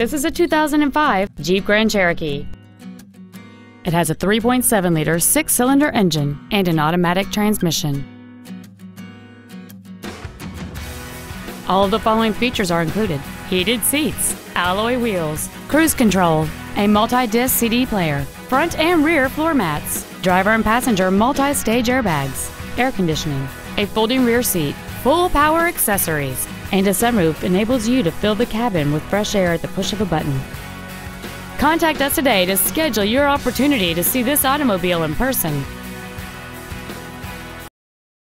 This is a 2005 Jeep Grand Cherokee. It has a 3.7-liter six-cylinder engine and an automatic transmission. All of the following features are included. Heated seats, alloy wheels, cruise control, a multi-disc CD player, front and rear floor mats, driver and passenger multi-stage airbags, air conditioning, a folding rear seat, full power accessories, and a sunroof enables you to fill the cabin with fresh air at the push of a button. Contact us today to schedule your opportunity to see this automobile in person